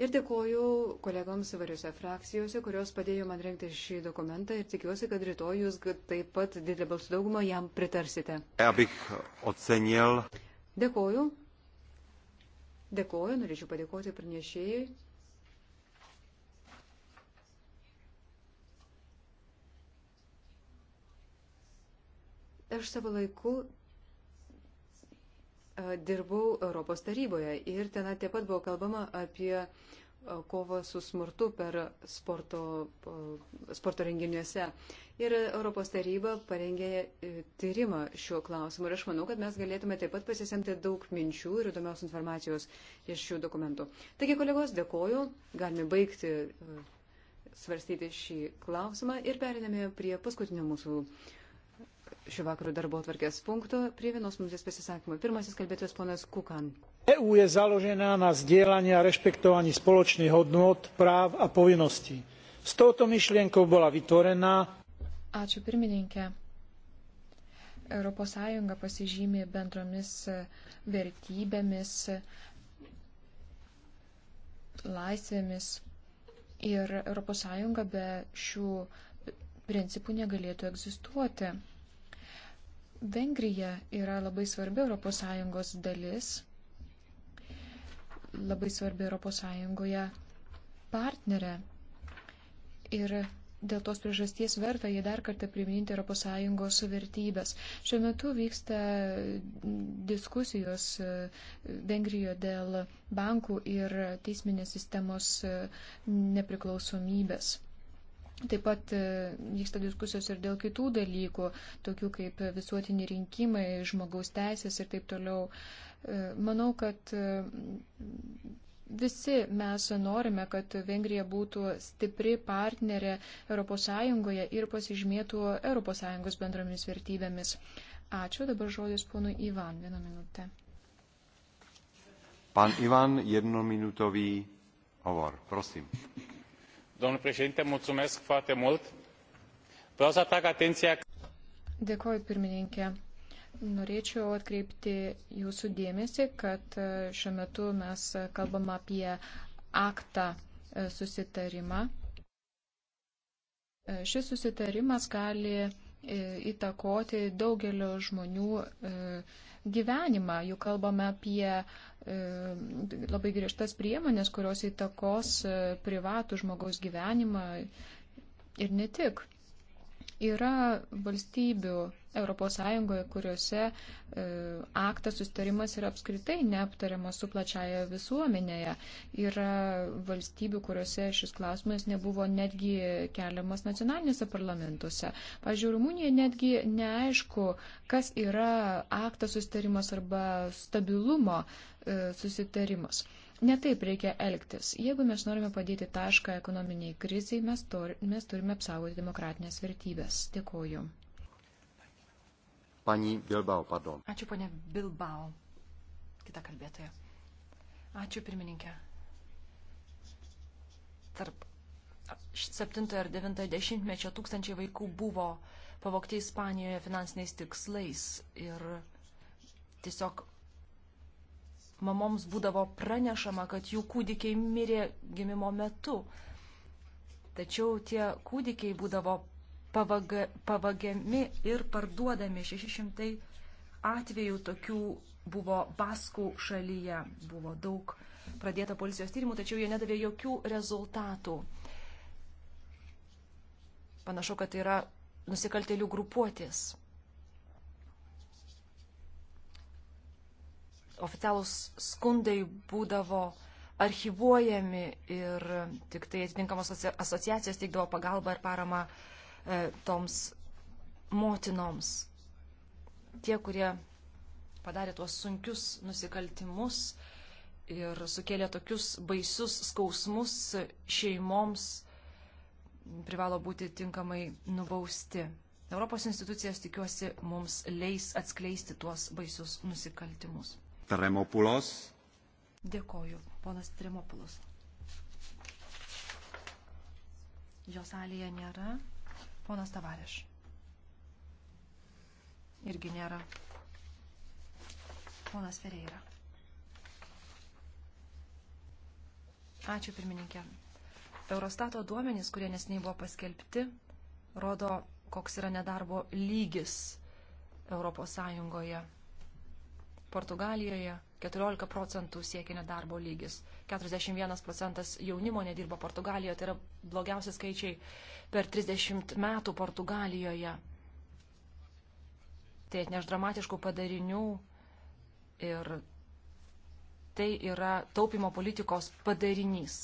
Ir dėkoju kolegoms įvairiose frakcijose, kurios padėjo man rengti šį dokumentą ir tikiuosi, kad rytoj jūs taip pat didelė balsų daugumą jam pritarsite. Dėkoju. Dėkoju, norėčiau padėkoti pranešėjai. Aš savo laiku E, dirbau Europos taryboje ir ten taip pat buvo kalbama apie e, kovą su smurtu per sporto, e, sporto renginiuose. Ir Europos taryba parengė tyrimą šiuo klausimu. Ir aš manau, kad mes galėtume taip pat pasisemti daug minčių ir įdomios informacijos iš šių dokumentų. Taigi, kolegos, dėkoju. Galime baigti svarstyti šį klausimą ir periname prie paskutinio mūsų uh, šio vakarų darbo atvarkės punkto prie vienos minutės pasisakymo. Pirmasis kalbėtojas ponas Kukan. EU je založená na zdieľaní a rešpektovaní spoločných hodnôt, práv a povinností. S touto myšlienkou bola vytvorená. Ačiū pirmininkė. ES pasižymė bendromis vertybėmis, laisvėmis ir ES be šių principų negalėtų egzistuoti. Vengrija yra labai svarbi ES dalis, labai svarbi ES partnerė. Ir dėl tos priežasties verta jį dar kartą priminti ES vertybės. Šiuo metu vyksta diskusijos e, Vengrijoje dėl bankų ir teisminės sistemos e, nepriklausomybės. Taip pat e, vyksta diskusijos ir dėl kitų dalykų, tokių kaip visuotiniai rinkimai, žmogaus teisės ir taip toliau. E, manau, kad e, visi mes norime, kad Vengrija būtų stipri partnerė ES ir pasižymėtų ES bendromis vertybėmis. Ačiū, dabar žodis ponui Ivan, vieną minutę. Pan Ivan, jednominutový hovor, prosím. Vreau să atrag atenția. Dėkoju, pirmininkė. Norėčiau atkreipti jūsų dėmesį, kad e, šiuo metu mes kalbam apie aktą e, susitarimą. E, šis susitarimas gali įtakoti daugelio žmonių e, gyvenimą. Jau kalbame apie e, labai griežtas priemonės, kurios įtakos e, privatų žmogaus gyvenimą ir ne tik. Yra valstybių ES, kuriuose e, aktas sustarimas yra apskritai neaptariamas su plačiaja visuomenėje. Yra valstybių, kuriuose šis klausimas nebuvo netgi keliamas nacionalinėse parlamentuose. Pavyzdžiui, Rumunija netgi neaišku, kas yra aktas sustarimas arba stabilumo e, susitarimas. E, Netaip reikia elgtis. Jeigu mes norime padėti tašką ekonominiai kriziai, mes, to, mes turime apsaugoti demokratinės vertybės. Dėkoju. Pani Bilbao, pardon. Ačiū, ponė Bilbao. Kita kalbėtoja. Ačiū, pirmininkė. Tarp 7 ir 90 mečio tūkstančiai vaikų buvo pavokti Ispanijoje finansiniais tikslais ir tiesiog mamoms būdavo pranešama, kad jų kūdikiai mirė gimimo metu. Tačiau tie kūdikiai būdavo pavaga, pavagiami ir parduodami. 600 atvejų tokių buvo Baskų šalyje. Buvo daug pradėta policijos tyrimų, tačiau jie nedavė jokių rezultatų. Panašu, kad tai yra nusikaltelių grupuotės oficialūs skundai būdavo archivuojami ir tik tai atitinkamos asociacijos teikdavo pagalbą ir paramą e, toms motinoms. Tie, kurie padarė tuos sunkius nusikaltimus ir sukėlė tokius baisius skausmus šeimoms, privalo būti tinkamai nubausti. Europos institucijas tikiuosi mums leis atskleisti tuos baisius nusikaltimus. Tremopulos. Dėkoju, ponas Tremopulos. Jo salėje nėra. Ponas Tavareš. Irgi nėra. Ponas Fereira. Ačiū pirmininkė. Eurostato duomenys, kurie nesiniai buvo paskelbti, rodo, koks yra nedarbo lygis Europos Sąjungoje Portugalijoje 14 procentų siekia nedarbo lygis, 41 procentas jaunimo nedirba Portugalijoje, tai yra blogiausi skaičiai per 30 metų Portugalijoje. Tai atneš dramatiškų padarinių ir tai yra taupimo politikos padarinys.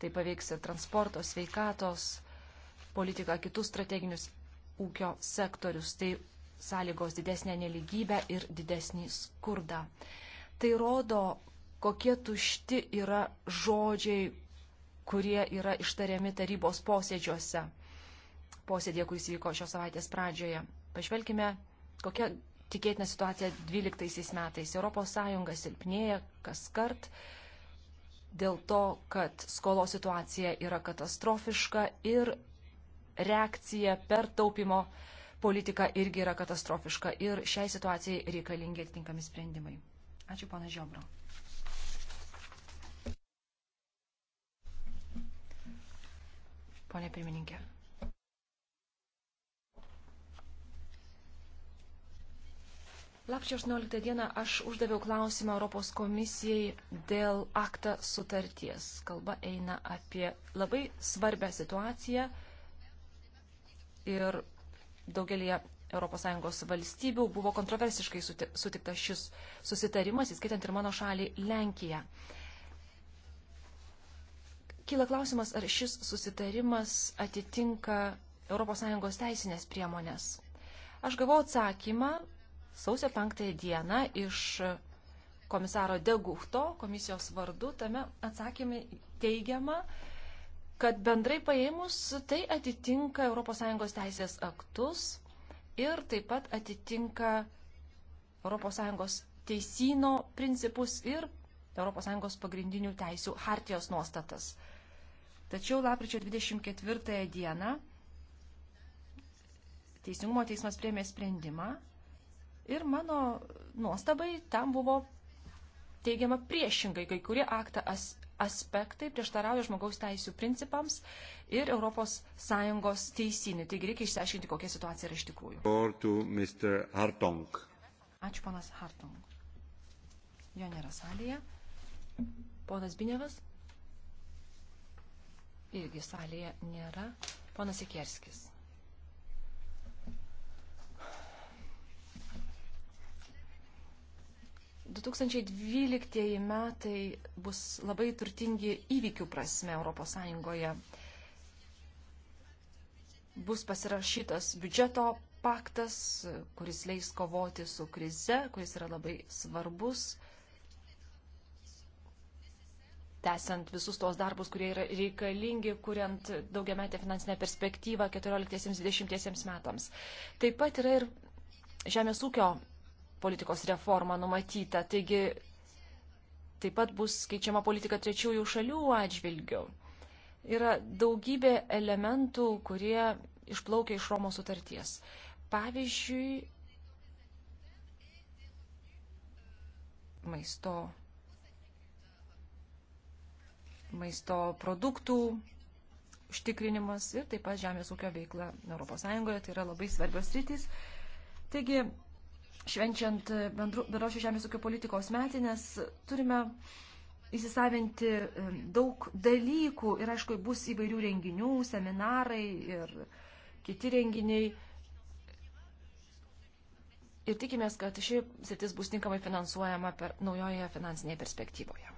Tai paveiks ir transporto, sveikatos politiką, kitus strateginius ūkio sektorius. Tai sąlygos didesnę neligybę ir didesnį skurdą. Tai rodo, kokie tušti yra žodžiai, kurie yra ištariami tarybos posėdžiuose. Posėdė, kuris vyko šios savaitės pradžioje. Pažvelkime, kokia tikėtina situacija 12 metais. ES silpnėja kas kart dėl to, kad skolo situacija yra katastrofiška ir reakcija per taupimo uh, politika irgi yra katastrofiška ir šiai situacijai reikalingi atitinkami sprendimai. Ačiū, pana Žiobro. Pone pirmininkė. Lapčio 18 dieną aš uždaviau klausimą Europos komisijai dėl aktą sutarties. Kalba eina apie labai svarbę situaciją ir daugelį ES valstybių buvo kontroversiškai sutiktas šis susitarimas, įskaitant ir mano šalį Lenkiją. Kyla klausimas, ar šis susitarimas atitinka ES teisinės priemonės. Aš gavau atsakymą sausio 5 dieną iš komisaro Deguhto komisijos vardu. Tame atsakymė teigiama, kad bendrai paėmus tai atitinka ES teisės aktus ir taip pat atitinka ES teisino principus ir ES pagrindinių teisių hartijos nuostatas. Tačiau lapkričio 24 dieną Teisingumo teismas priemė sprendimą ir mano nuostabai tam buvo teigiama priešingai, kai kurie aktą as, aspektai prieštarauja žmogaus teisų principams ir ES teisinį. Taigi reikia išsiaiškinti, kokia situacija yra iš tikrųjų. Ačiū, ponas Hartong. Jo nėra salėje. Ponas Binevas. Irgi salėje nėra. Ponas Ikerskis. 2012 metai bus labai turtingi įvykių prasme ES. Bus pasirašytas biudžeto paktas, kuris leis kovoti su krize, kuris yra labai svarbus, tęsiant visus tos darbus, kurie yra reikalingi, kuriant daugiametę finansinę perspektyvą 14-20 metams. Taip pat yra ir žemės ūkio politikos reforma numatyta. Taigi taip pat bus keičiama politika trečiųjų šalių atžvilgių. Yra daugybė elementų, kurie išplaukia iš Romos sutarties. Pavyzdžiui, maisto, maisto produktų užtikrinimas ir taip pat žemės ūkio veikla ES. Tai yra labai svarbios rytis. Taigi, švenčiant bendrosios žemės ūkio politikos metinės, turime įsisavinti e, daug dalykų ir, aišku, bus įvairių renginių, seminarai ir kiti renginiai. Ir tikimės, kad ši sritis bus tinkamai finansuojama per naujoje finansinėje perspektyvoje.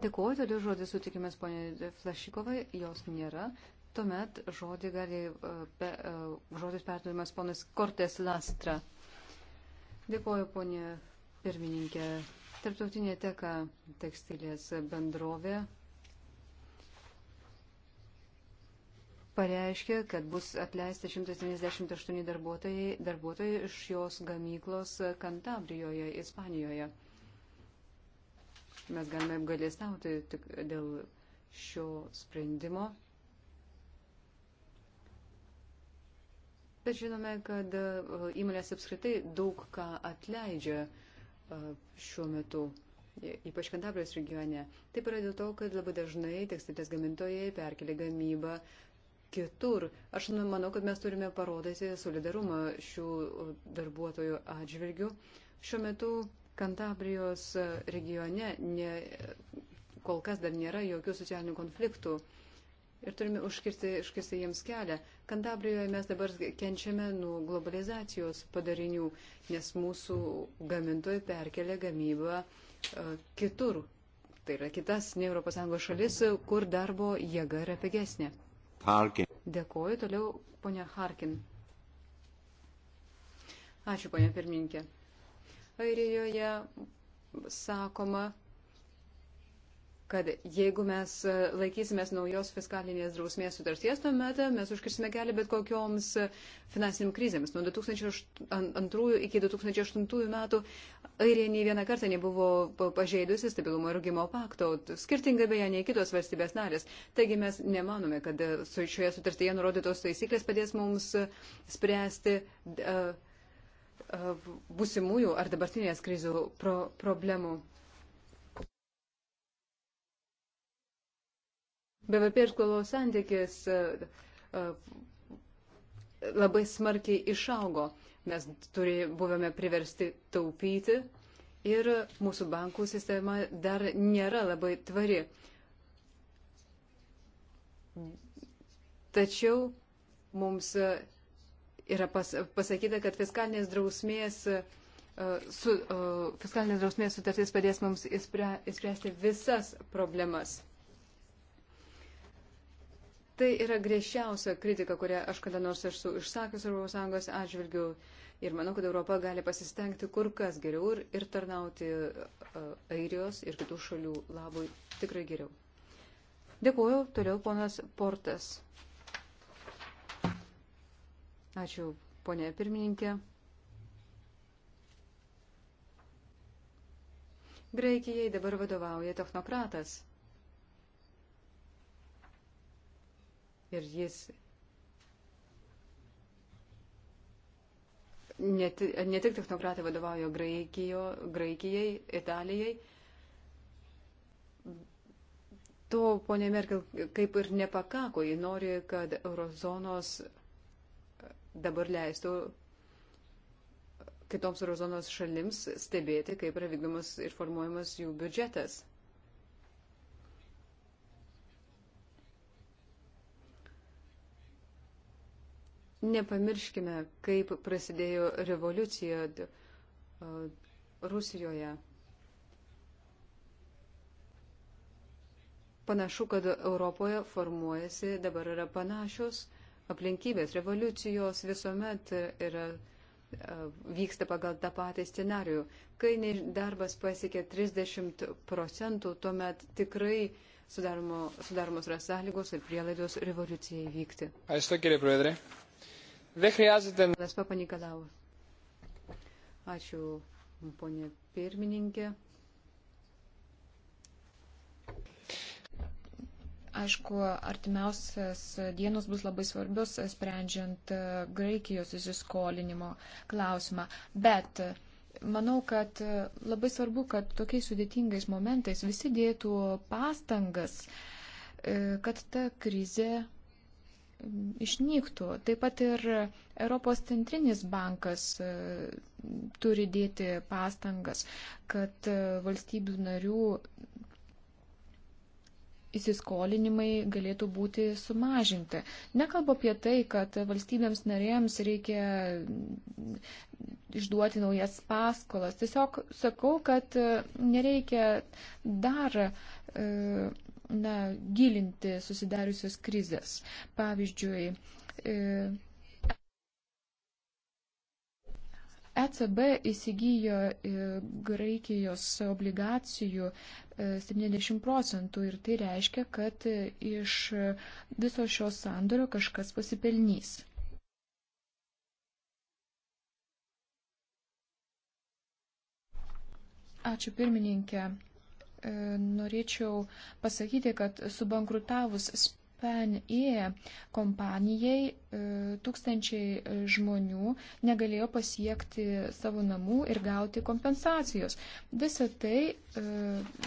Dėkuoju, todėl žodį sutikimės ponė Flašikovai, jos nėra. Tuomet žodį gali, e, pe, e, žodis perduodamas ponas Kortes Lastra. Dėkuoju, ponė pirmininkė. Tarptautinė teka tekstilės bendrovė pareiškė, kad bus atleista 178 darbuotojai, darbuotojai iš jos gamyklos Kantabrijoje, Ispanijoje. Mes galime apgalėstauti tik dėl šio sprendimo. Bet žinome, kad e, įmonės apskritai daug ką atleidžia e, šiuo metu, e, ypač Kantabrijos regione. Taip yra dėl to, kad labai dažnai tekstilės gamintojai perkelia gamybą kitur. Aš nu, manau, kad mes turime parodyti solidarumą šių darbuotojų atžvilgių. Šiuo metu Kantabrijos regione ne, kol kas dar nėra jokių socialinių konfliktų ir turime užkirsti, užkirsti jiems kelią. Kandabrijoje mes dabar kenčiame nuo globalizacijos padarinių, nes mūsų gamintojai perkelia gamybą e, kitur. Tai yra kitas ne ES šalis, kur darbo jėga yra pigesnė. Harkin. Dėkoju toliau, ponia Harkin. Ačiū, ponia pirmininkė. Airijoje sakoma, kad jeigu mes laikysimės naujos fiskalinės drausmės sutarties, tuomet mes užkirsime kelią bet kokioms finansiniam krizėms. Nuo 2002 iki 2008 metų Airija nei vieną kartą nebuvo pažeidusi stabilumo ir augimo pakto, skirtingai beje nei kitos valstybės narės. Taigi mes nemanome, kad su šioje sutartyje nurodytos taisyklės padės mums spręsti. Uh, būsimųjų ar dabartinės krizių pro problemų. BVP ir skolos santykis e, e, labai smarkiai išaugo. Mes turė, buvome priversti taupyti ir mūsų bankų sistema dar nėra labai tvari. Tačiau mums e, yra pas, pasakyta, kad fiskalinės drausmės, su, fiskalinės drausmės sutartis padės mums įspręsti visas problemas. Tai yra griežčiausia kritika, kurią aš kada nors esu išsakęs Europos Sąjungos atžvilgių. Ir manau, kad Europa gali pasistengti kur kas geriau ir, ir tarnauti uh, Airijos ir kitų šalių labui tikrai geriau. Dėkuoju, toliau ponas Portas. Ačiū, ponė pirmininkė. Graikijai dabar vadovauja technokratas. ir jis ne, ne tik technokratai vadovauja Graikijo, Graikijai, Italijai. To ponė Merkel kaip ir nepakako, ji nori, kad eurozonos dabar leistų kitoms eurozonos šalims stebėti, kaip yra vykdomas ir formuojamas jų biudžetas. Nepamirškime, kaip prasidėjo revoliucija Rusijoje. Panašu, kad Europoje formuojasi dabar yra panašios aplinkybės. Revoliucijos visuomet yra, vyksta pagal tą patį scenarių. Kai darbas pasiekia 30 procentų, tuomet tikrai sudaromos yra sąlygos ir prielaidos revoliucijai vykti. Ačiū, kėlė, Δεν χρειάζεται. Πapa Nikolau. Ačiū, ponė pirmininkė. Aišku, artimiausias dienos bus labai svarbios, sprendžiant e, Graikijos įsiskolinimo klausimą. Bet e, manau, kad e, labai svarbu, kad tokiais sudėtingais momentais visi dėtų pastangas, kad ta krize išnyktų. Taip pat ir Europos centrinis bankas e, turi dėti pastangas, kad e, valstybių narių įsiskolinimai galėtų būti sumažinti. Nekalbu apie tai, kad valstybėms narėms reikia išduoti naujas paskolas. Tiesiog sakau, kad nereikia dar e, na, gilinti susidariusios krizės. Pavyzdžiui, ECB e įsigijo e, Graikijos obligacijų 70 procentų ir tai reiškia, kad iš viso šios sandorio kažkas pasipelnys. Ačiū pirmininkė. E, norėčiau pasakyti, kad subankrutavus SpenE kompanijai tūkstančiai e, žmonių negalėjo pasiekti savo namų ir gauti kompensacijos. Visa tai, e,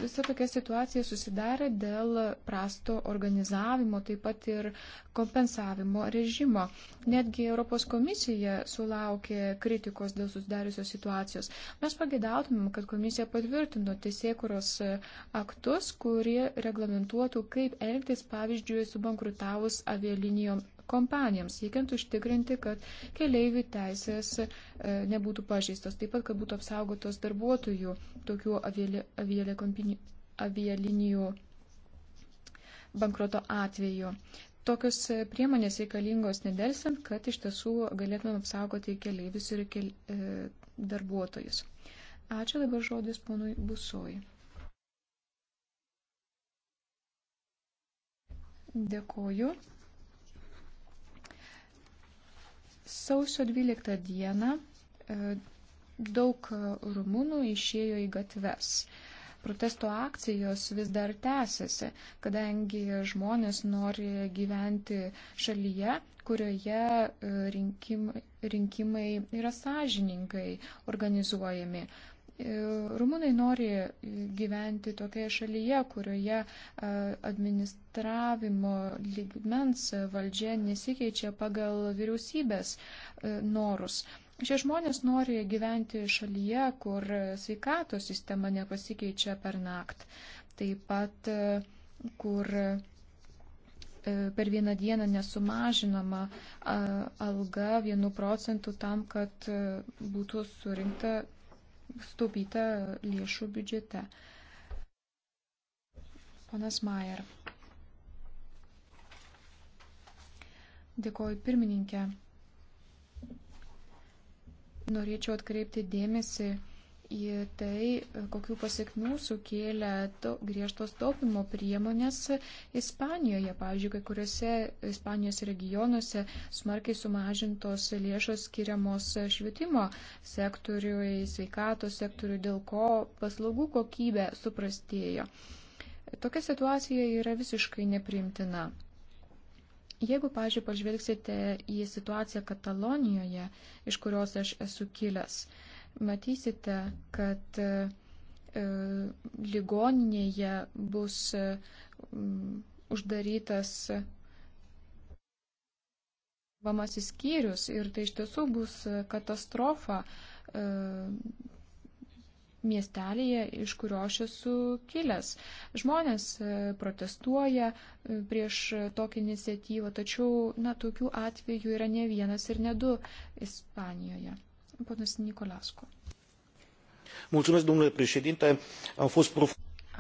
visa tokia situacija susidarė dėl prasto organizavimo, taip pat ir kompensavimo režimo. Netgi Europos komisija sulaukė kritikos dėl susidariusios situacijos. Mes pagėdautumėm, kad komisija patvirtino teisėkuros e, aktus, kurie reglamentuotų, kaip elgtis, pavyzdžiui, subankrutavus avialinijom kompanijoms, siekiant užtikrinti, kad keleivių teisės e, nebūtų pažeistos, taip pat, kad būtų apsaugotos darbuotojų tokių avialinijų bankroto atveju. Tokios e, priemonės reikalingos nedelsiant, kad iš tiesų galėtumėm apsaugoti keleivius ir kel, e, darbuotojus. Ačiū dabar žodis ponui Busoj. Dėkoju. Sausio 12 dieną e, daug rumunų išėjo į gatves. Protesto akcijos vis dar tęsiasi, kadangi žmonės nori gyventi šalyje, kurioje e, rinkimai, rinkimai yra sąžiningai organizuojami, E, Rumunai nori gyventi tokioje šalyje, kurioje e, administravimo lygmens valdžia nesikeičia pagal vyriausybės e, norus. Šie žmonės nori gyventi šalyje, kur sveikato sistema nepasikeičia per naktį. Taip pat, kur per vieną dieną nesumažinama alga vienu procentu tam, kad būtų surinkta stūpyta lėšų biudžete. Ponas Majer. Dėkoju pirmininkė. Norėčiau atkreipti dėmesį į tai, kokių pasiekmių sukėlė to, griežtos taupimo priemonės Ispanijoje. Pavyzdžiui, kai kuriuose Ispanijos regionuose smarkiai sumažintos lėšos skiriamos švietimo sektoriui, sveikatos sektoriui, dėl ko paslaugų kokybė suprastėjo. Tokia situacija yra visiškai neprimtina. Jeigu, pažiūrėjau, pažvelgsite į situaciją Katalonijoje, iš kurios aš esu kilęs, matysite, kad e, ligoninėje bus e, uždarytas vamasis skyrius ir tai iš tiesų bus katastrofa e, miestelėje, iš kurio aš esu kilęs. Žmonės protestuoja prieš tokią iniciatyvą, tačiau, na, tokių atvejų yra ne vienas ir ne du Ispanijoje. Ponas Nikolasku. Mulțumesc, domnule președinte. Am fost prof...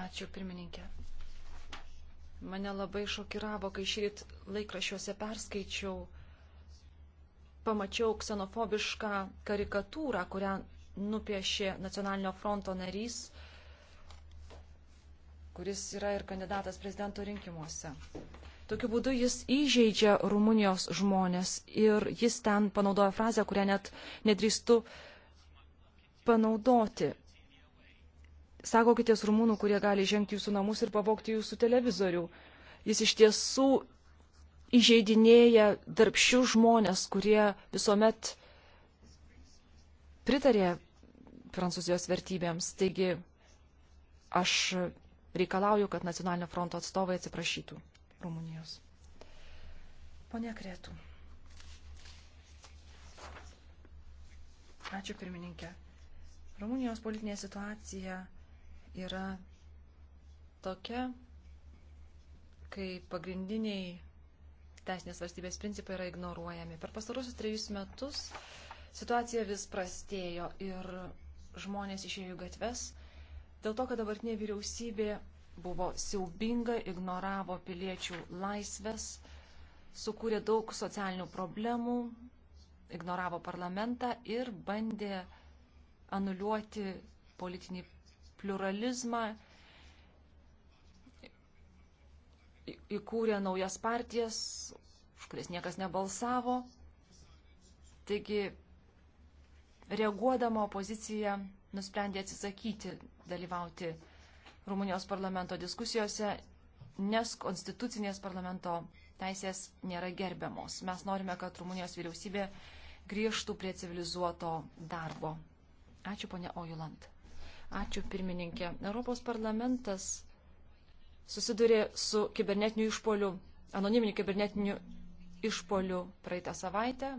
Ačiū, pirmininkė. Mane labai šokiravo, kai šįryt laikrašiuose perskaičiau, pamačiau ksenofobišką karikatūrą, kurią nupiešė Nacionalinio fronto narys, kuris yra ir kandidatas prezidento rinkimuose. Tokiu būdu jis įžeidžia Rumunijos žmonės ir jis ten panaudoja frazę, kurią net nedrįstu panaudoti. Sakokitės rumūnų, kurie gali žengti jūsų namus ir pavokti jūsų televizorių. Jis iš tiesų įžeidinėja darbščių žmonės, kurie visuomet pritarė prancūzijos vertybėms. Taigi aš reikalauju, kad nacionalinio fronto atstovai atsiprašytų. Rumunijos. Pone Kretų. Ačiū pirmininkė. Rumunijos politinė situacija yra tokia, kai pagrindiniai teisinės valstybės principai yra ignoruojami. Per pastarusius trejus metus situacija vis prastėjo ir žmonės išėjo į gatves dėl to, kad dabartinė vyriausybė buvo siaubinga, ignoravo piliečių laisvės, sukūrė daug socialinių problemų, ignoravo parlamentą ir bandė anuliuoti politinį pluralizmą, įkūrė naujas partijas, už kurias niekas nebalsavo. Taigi, reaguodama opozicija nusprendė atsisakyti dalyvauti Rumunijos parlamento diskusijose, nes konstitucinės parlamento teisės nėra gerbiamos. Mes norime, kad Rumunijos vyriausybė grįžtų prie civilizuoto darbo. Ačiū, ponė Ojuland. Ačiū, pirmininkė. Europos parlamentas susidurė su kibernetiniu išpoliu, anoniminiu kibernetiniu išpoliu praeitą savaitę.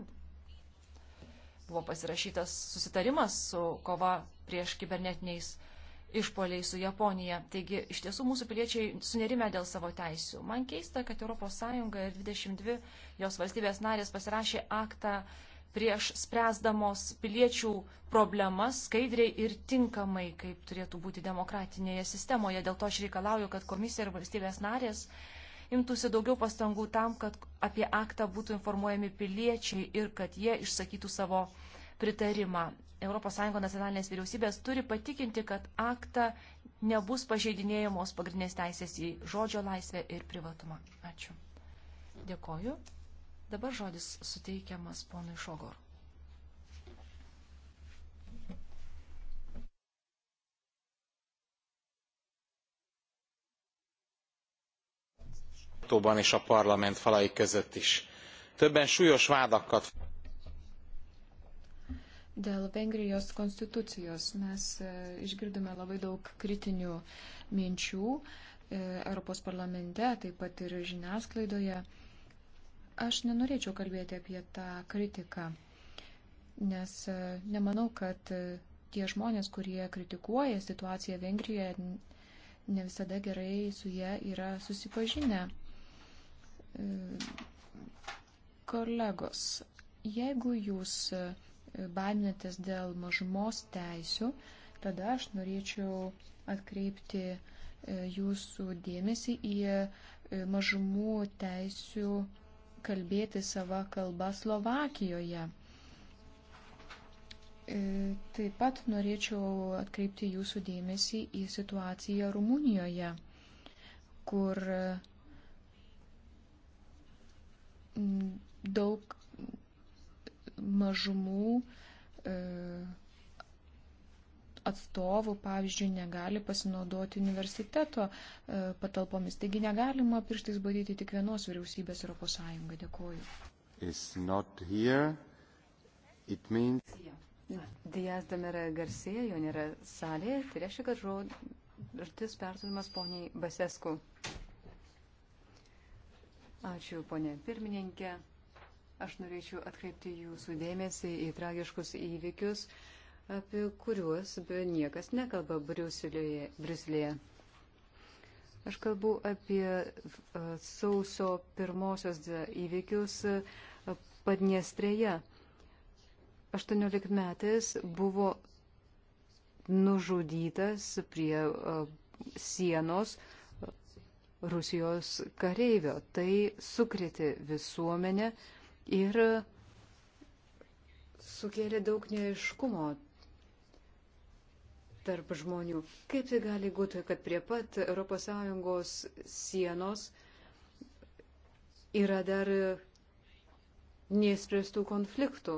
Buvo pasirašytas susitarimas su kova prieš kibernetiniais išpoliais išpoliai su Japonija. Taigi iš tiesų mūsų piliečiai sunerime dėl savo teisių. Man keista, kad ES ir 22 jos valstybės narės pasirašė aktą prieš spręsdamos piliečių problemas skaidriai ir tinkamai, kaip turėtų būti demokratinėje sistemoje. Dėl to aš reikalauju, kad komisija ir valstybės narės imtųsi daugiau pastangų tam, kad apie aktą būtų informuojami piliečiai ir kad jie išsakytų savo pritarimą. ES nacionalinės vyriausybės turi patikinti, kad aktą nebus pažeidinėjamos pagrindinės teisės į žodžio laisvę ir privatumą. Ačiū. Dėkoju. Dabar žodis suteikiamas ponui Šogor. sajtóban és a parlament falai között is. többen súlyos vádakat Dėl Vengrijos konstitucijos mes e, išgirdome labai daug kritinių minčių e, Europos parlamente, taip pat ir žiniasklaidoje. Aš nenorėčiau kalbėti apie tą kritiką, nes e, nemanau, kad tie žmonės, kurie kritikuoja situaciją Vengrijoje, ne visada gerai su jie yra susipažinę. Kolegos, jeigu jūs baiminatės dėl mažumos teisių, tada aš norėčiau atkreipti e, jūsų dėmesį į e, mažumų teisių kalbėti savo kalbą Slovakijoje. E, taip pat norėčiau atkreipti jūsų dėmesį į situaciją Rumunijoje, kur daug mažumų e, atstovų, pavyzdžiui, negali pasinaudoti universiteto e, patalpomis. Taigi negalima pirštais badyti tik vienos vyriausybės Europos Sąjungą. Dėkuoju. Means... Dijas Damera Garsėja, jo nėra salėje, tai reiškia, kad žodis perduodamas poniai Basesku. Ačiū, ponė pirmininkė. Aš norėčiau atkreipti jūsų dėmesį į tragiškus įvykius, apie kuriuos niekas nekalba Briuselėje. Aš kalbu apie sauso pirmosios įvykius Padniestrėje. 18 metais buvo nužudytas prie sienos Rusijos kareivio. Tai sukrėtė visuomenę ir sukėlė daug neaiškumo tarp žmonių. Kaip tai gali būti, kad prie pat ES sienos yra dar neįspręstų konfliktų?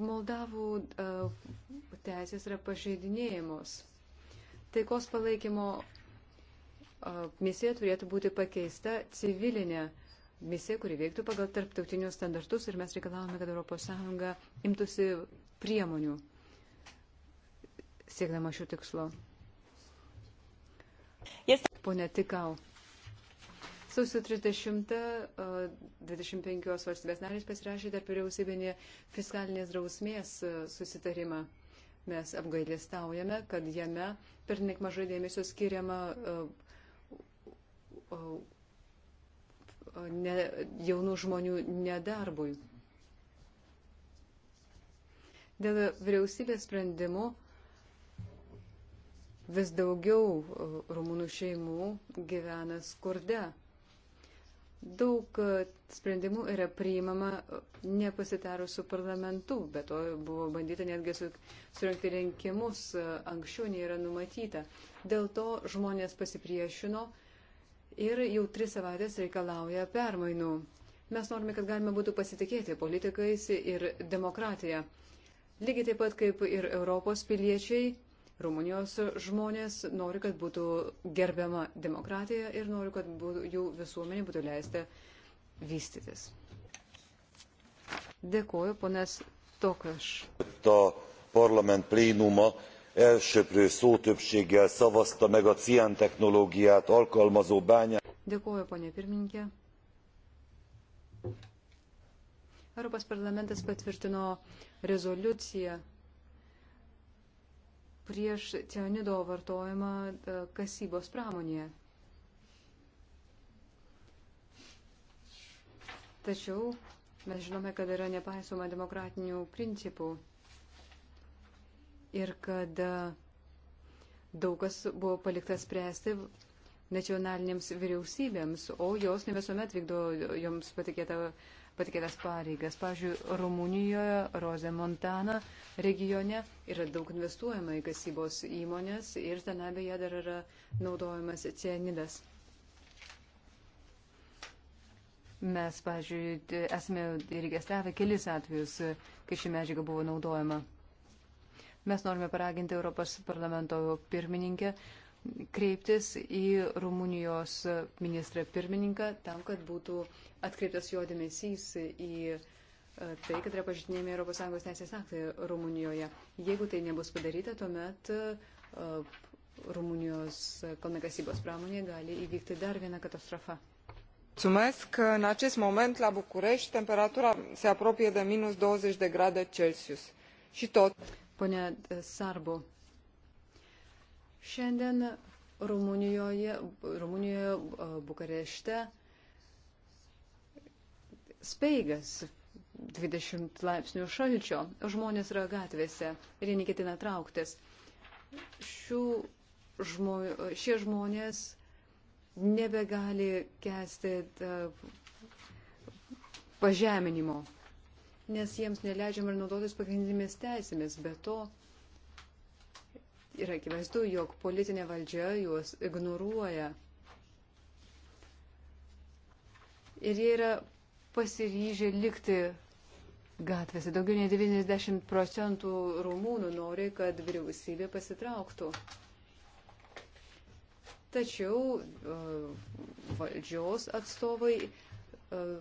Moldavų teisės yra pažeidinėjimos. Taikos palaikymo misija turėtų būti pakeista civilinė misija, kuri veiktų pagal tarptautinius standartus ir mes reikalavome, kad ES imtųsi priemonių siekdama šių tikslo. Yes. Pone Tikau. Sausio 30 25 valstybės narės pasirašė dar vyriausybinį fiskalinės drausmės susitarimą. Mes apgailėstaujame, kad jame per nek mažai dėmesio skiriama uh, ne, jaunų žmonių nedarbui. Dėl vyriausybės sprendimų vis daugiau rumunų šeimų gyvena skurde. Daug sprendimų yra priimama nepasitarus su parlamentu, bet to buvo bandyta netgi su, surinkti rinkimus anksčiau nei yra numatyta. Dėl to žmonės pasipriešino ir jau tris savaitės reikalauja permainų. Mes norime, kad galima būtų pasitikėti politikais ir demokratija. Lygiai taip pat kaip ir Europos piliečiai, Rumunijos žmonės nori, kad būtų gerbiama demokratija ir nori, kad būtų, jų visuomenė būtų leista vystytis. Dėkuoju, ponas Tokaš. To parlament plėnumą elsöprő szótöbbséggel szavazta meg a cián technológiát alkalmazó bányák. Dėkuoju, ponė pirmininkė. Europos parlamentas patvirtino rezoliuciją prieš cianido vartojimą e, kasybos pramonėje. Tačiau mes žinome, kad yra nepaisoma demokratinių principų ir kad e, daug kas buvo paliktas spręsti nacionalinėms vyriausybėms, o jos ne visuomet vykdo joms patikėtą, patikėtas pareigas. Pavyzdžiui, Rumunijoje, Roze Montana regione yra daug investuojama į kasybos įmonės ir ten abeje dar yra naudojamas cianidas. Mes, pavyzdžiui, esame įregistravę kelis atvejus, kai ši medžiaga buvo naudojama. Mes norime paraginti Europos parlamento pirmininkę kreiptis į Rumunijos ministrą pirmininką tam, kad būtų atkreiptas jo dėmesys į e, tai, kad yra pažydinėjami ES teisės aktai Rumunijoje. Jeigu tai nebus padaryta, tuomet e, Rumunijos kalnakasybos pramonė gali įvykti dar vieną katastrofą. în acest moment la bucureti temperatura se apropie de minus douăzeci de grade celsius i tot Pone Sarbu, šiandien Rumunijoje, Rumunijoje Bukarešte speigas 20 laipsnių šalčio, žmonės yra gatvėse ir jie neketina trauktis. Šių žmo, šie žmonės nebegali kesti pažeminimo nes jiems neleidžiama ir naudotis pagrindinėmis teisėmis. Be to, yra akivaizdu, jog politinė valdžia juos ignoruoja. Ir jie yra pasiryžę likti gatvėse. Daugiau nei 90 procentų rumūnų nori, kad vyriausybė pasitrauktų. Tačiau uh, valdžios atstovai uh,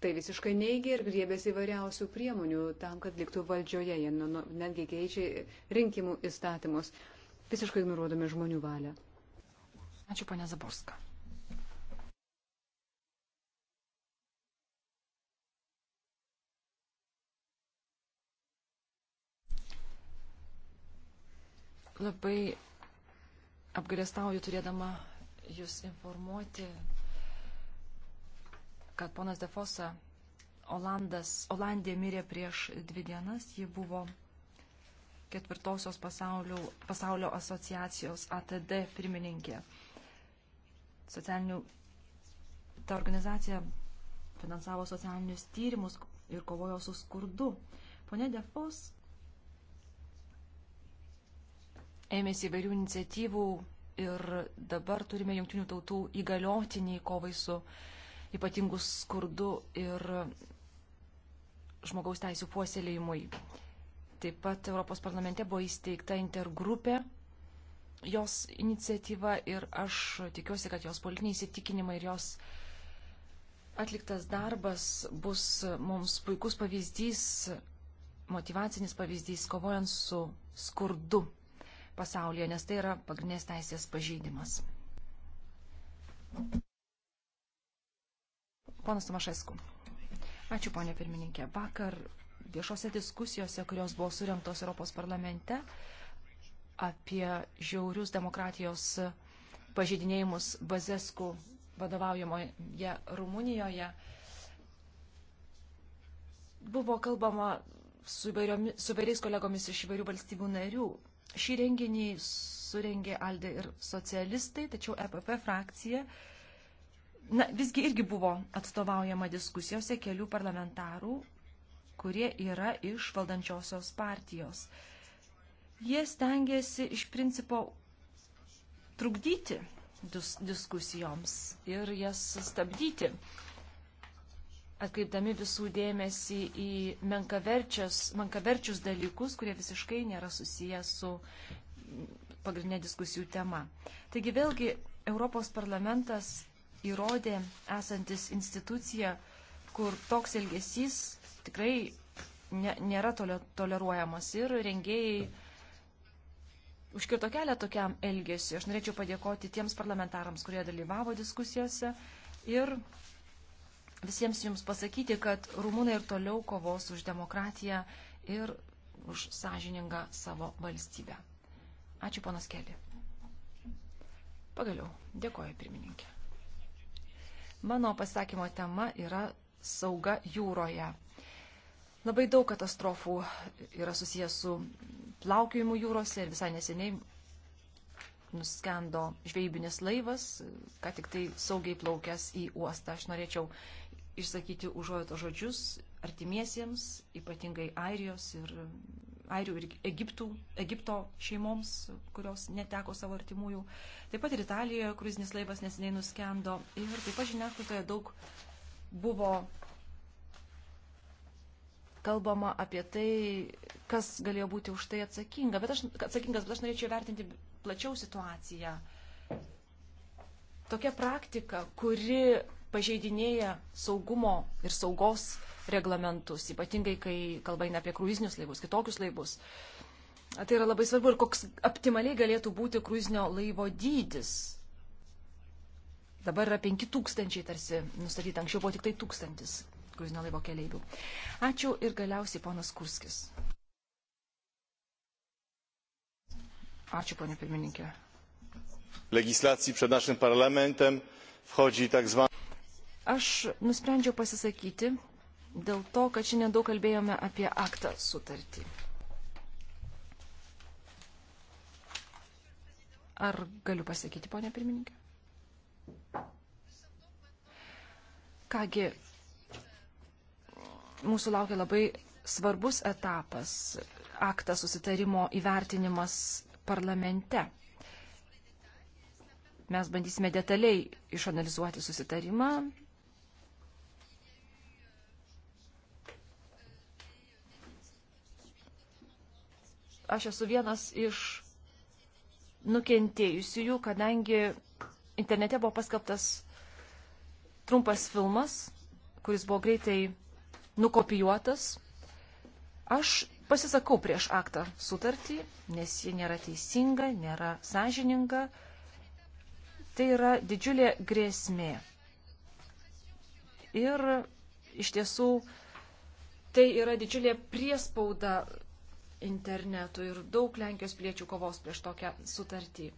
tai visiškai neigia ir griebėsi įvairiausių priemonių tam, kad liktų valdžioje. Jie nu, nu, netgi keičia rinkimų įstatymus, visiškai ignoruodami žmonių valią. Ačiū, ponia Zaborska. Labai apgalėstauju turėdama jūs informuoti kad ponas Defosa Olandas, Olandė mirė prieš dvi dienas. Ji buvo ketvirtosios pasaulio, pasaulio asociacijos ATD pirmininkė. Socialinių, ta organizacija finansavo socialinius tyrimus ir kovojo su skurdu. Pone Defos ėmėsi įvairių iniciatyvų ir dabar turime jungtinių tautų įgaliotinį kovai su skurdu ypatingų skurdų ir žmogaus teisų puoselėjimui. Taip pat Europos parlamente buvo įsteigta intergrupė, jos iniciatyva ir aš tikiuosi, kad jos politiniai įsitikinimai ir jos atliktas darbas bus mums puikus pavyzdys, motivacinis pavyzdys, kovojant su skurdu pasaulyje, nes tai yra pagrindinės teisės pažeidimas. Ponas Tomašesku. Ačiū, ponė pirmininkė. Vakar viešose diskusijose, kurios buvo surinktos Europos parlamente apie žiaurius demokratijos pažydinėjimus Bazesku vadovaujamoje Rumunijoje, buvo kalbama su, įvairiomis, su įvairiais kolegomis iš įvairių valstybių narių. Šį renginį surengė Aldė ir socialistai, tačiau EPP frakcija uh, na, visgi irgi buvo atstovaujama diskusijose kelių parlamentarų, kurie yra iš valdančiosios partijos. Jie stengiasi iš principo trukdyti dis diskusijoms ir jas stabdyti, atkreipdami visų dėmesį į menkaverčius dalykus, kurie visiškai nėra susiję su pagrindinė diskusijų tema. Taigi vėlgi Europos parlamentas įrodė esantis institucija, kur toks elgesys tikrai ne, nėra toleruojamas ir rengėjai užkirto kelią tokiam elgesiu. Aš norėčiau padėkoti tiems parlamentarams, kurie dalyvavo diskusijose ir visiems jums pasakyti, kad rumūnai ir toliau kovos už demokratiją ir už sąžiningą savo valstybę. Ačiū, ponas Keli. Pagaliau, dėkoju pirmininkė. Mano pasakymo tema yra sauga jūroje. Labai daug katastrofų yra susijęs su plaukiojimu jūrose ir visai neseniai nuskendo žvejybinis laivas, ką tik tai saugiai plaukęs į uostą. Aš norėčiau išsakyti užuojato žodžius artimiesiems, ypatingai Airijos ir airių ir Egiptų, Egipto šeimoms, kurios neteko savo artimųjų. Taip pat ir Italijoje kruizinis laivas neseniai nuskendo. Ir taip pat žiniasklaidoje daug buvo kalbama apie tai, kas galėjo būti už tai atsakinga. bet aš, atsakingas. Bet aš norėčiau vertinti plačiau situaciją. Tokia praktika, kuri pažeidinėja saugumo ir saugos reglamentus, ypatingai kai kalba eina apie kruizinius laivus, kitokius laivus. Tai yra labai svarbu ir koks optimaliai galėtų būti kruizinio laivo dydis. Dabar yra 5000 tarsi nustatyta, anksčiau buvo tik tai 1000 kruizinio laivo keleivių. Ačiū ir galiausiai ponas Kurskis. Ačiū, ponė pirmininkė. Legislacijai pred našim parlamentem wchodzi tak zwana. Aš nusprendžiau pasisakyti dėl to, kad šiandien daug kalbėjome apie aktą sutartį. Ar galiu pasakyti, ponė pirmininkė? Kągi, mūsų laukia labai svarbus etapas - aktas susitarimo įvertinimas parlamente. Mes bandysime detaliai išanalizuoti susitarimą, aš esu vienas iš nukentėjusiųjų, kadangi internete buvo paskaptas trumpas filmas, kuris buvo greitai nukopijuotas. Aš pasisakau prieš aktą sutartį, nes ji nėra teisinga, nėra sąžininga. Tai yra didžiulė grėsmė. Ir iš tiesų tai yra didžiulė priespauda internetu ir daug Lenkijos piliečių kovos prieš tokią sutartį.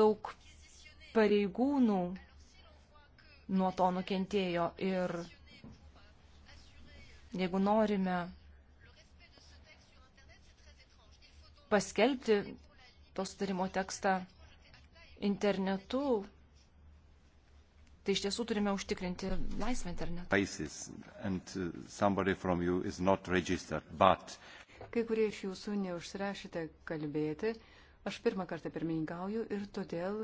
Daug pareigūnų nuo to nukentėjo ir jeigu norime paskelbti to sutarimo tekstą internetu, Tai iš tiesų turime užtikrinti laisvę internetą. Uh, Kai kurie iš jūsų neužsirašyte kalbėti, aš pirmą kartą pirmininkauju ir todėl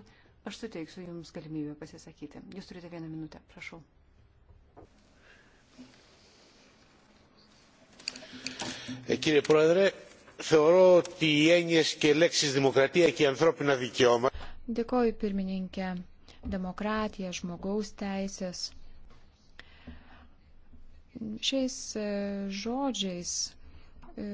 aš suteiksiu jums galimybę pasisakyti. Jūs turite vieną minutę, prašau. Κύριε eh, Πρόεδρε, θεωρώ ότι οι έννοιες και λέξεις δημοκρατία και ανθρώπινα δικαιώματα Dėkoju pirmininkė demokratija, žmogaus teisės. Šiais e, žodžiais e,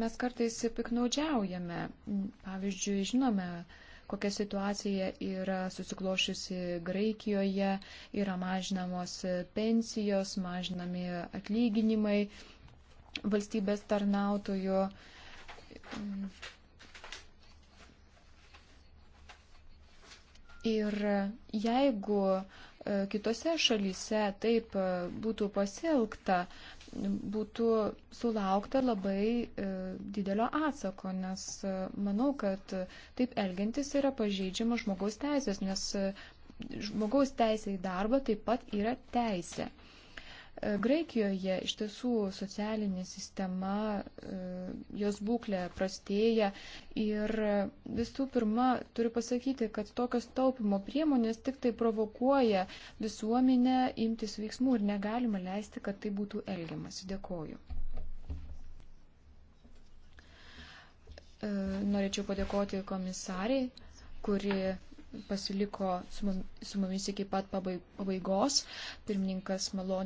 mes kartais piknaudžiaujame. Pavyzdžiui, žinome, kokia situacija yra susiklošiusi Graikijoje, yra mažinamos pensijos, mažinami atlyginimai, valstybės tarnautojų. Ir jeigu e, kitose šalyse taip e, būtų pasielgta, būtų sulaukta labai e, didelio atsako, nes manau, kad taip elgiantis yra pažeidžiama žmogaus teisės, nes žmogaus teisė į darbą taip pat yra teisė. Graikijoje iš tiesų socialinė sistema, e, jos būklė prastėja ir visų pirma turiu pasakyti, kad tokios taupimo priemonės tik tai provokuoja visuomenę imtis veiksmų ir negalima leisti, kad tai būtų elgiamas. Dėkoju. E, norėčiau padėkoti komisariai, kuri pasiliko su mumis iki pat pabaigos. Pirmininkas maloniai.